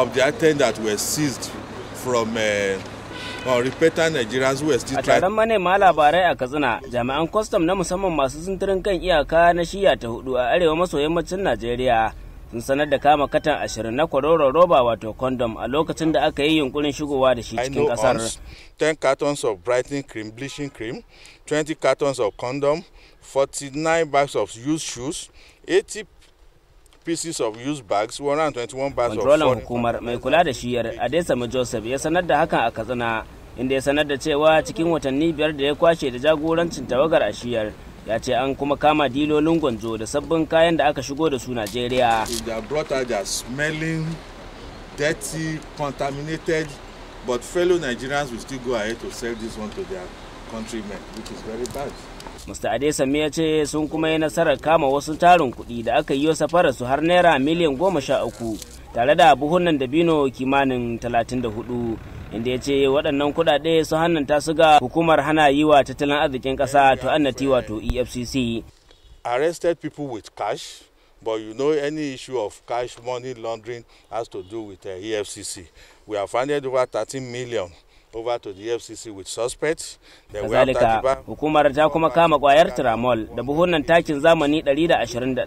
of the items that were seized from uh, unrepentant Nigerians who were still trying. A taron manema labarai a Katsina, jami'an kwastam na musamman masu sintirin kan iyaka na shiya ta hudu a arewa maso yammacin Najeriya sun sanar da kama katan ashirin na kwaroron roba wato condom a lokacin da aka yi yunkurin shigowa da shi cikin kasar. 10 cartons of brightening cream, bleaching cream, 20 cartons of condom, 49 bags of used shoes, 80 pieces of used bags 121 bags hukumar mai kula da shiyar Adesami Joseph ya sanar da hakan a Katsina inda ya sanar da cewa cikin watanni biyar da ya kwashe da jagorancin tawagar ashiyar ya ce an kuma kama dilolin gwanzo da sabbin kayan da aka shigo da su Najeriya. but fellow Nigerians will still go ahead to sell this one to their countrymen, which is very bad. Mr. Adesami ya ce sun kuma yi nasarar kama wasu tarin kuɗi da aka yi safarar su har naira miliyan goma sha uku tare da buhunan dabino kimanin talatin da hudu inda ya ce waɗannan kuɗaɗe su hannanta su ga hukumar hana yi wa tattalin arzikin ƙasa to annati wato efcc arrested people with cash but you know any issue of cash money laundering has to do with uh, efcc we have funded over 13 million over to the FCC with suspects. Kazalika, hukumar ta kuma kama kwayar Tramol da buhunan takin zamani 121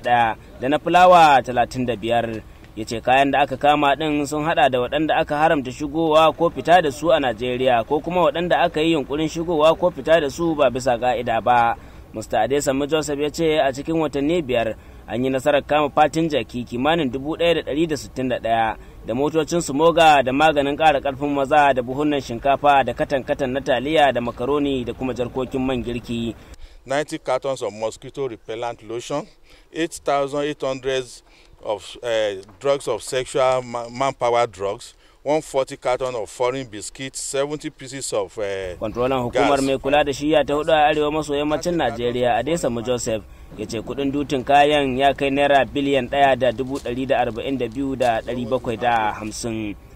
da na fulawa 35. ya ce kayan da aka kama din sun hada da waɗanda aka haramta shigowa ko fita da su a najeriya ko kuma waɗanda aka yi yunkurin shigowa ko fita da su ba bisa ga'ida ba mr Adesa joseph ya ce a cikin watanni biyar an yi nasarar kama fatin jaki kimanin 1,161 da motocin sumoga da maganin ƙara ƙarfin maza da buhunan shinkafa da katan-katan na taliya da makaroni da kuma jarkokin man girki. 90 cartons of mosquito repellent lotion, 8,800 of uh, drugs of sexual manpower drugs, forty carton of foreign biscuits 70 pieces of uh, controlan hukumar mai kula da ya ta hudu a arewa maso yammacin najeriya adesamu joseph ya ce kudin dutin kayan ya kai naira biliyan ɗaya da dubu ɗari da arba'in da biyu da ɗari bakwai da hamsin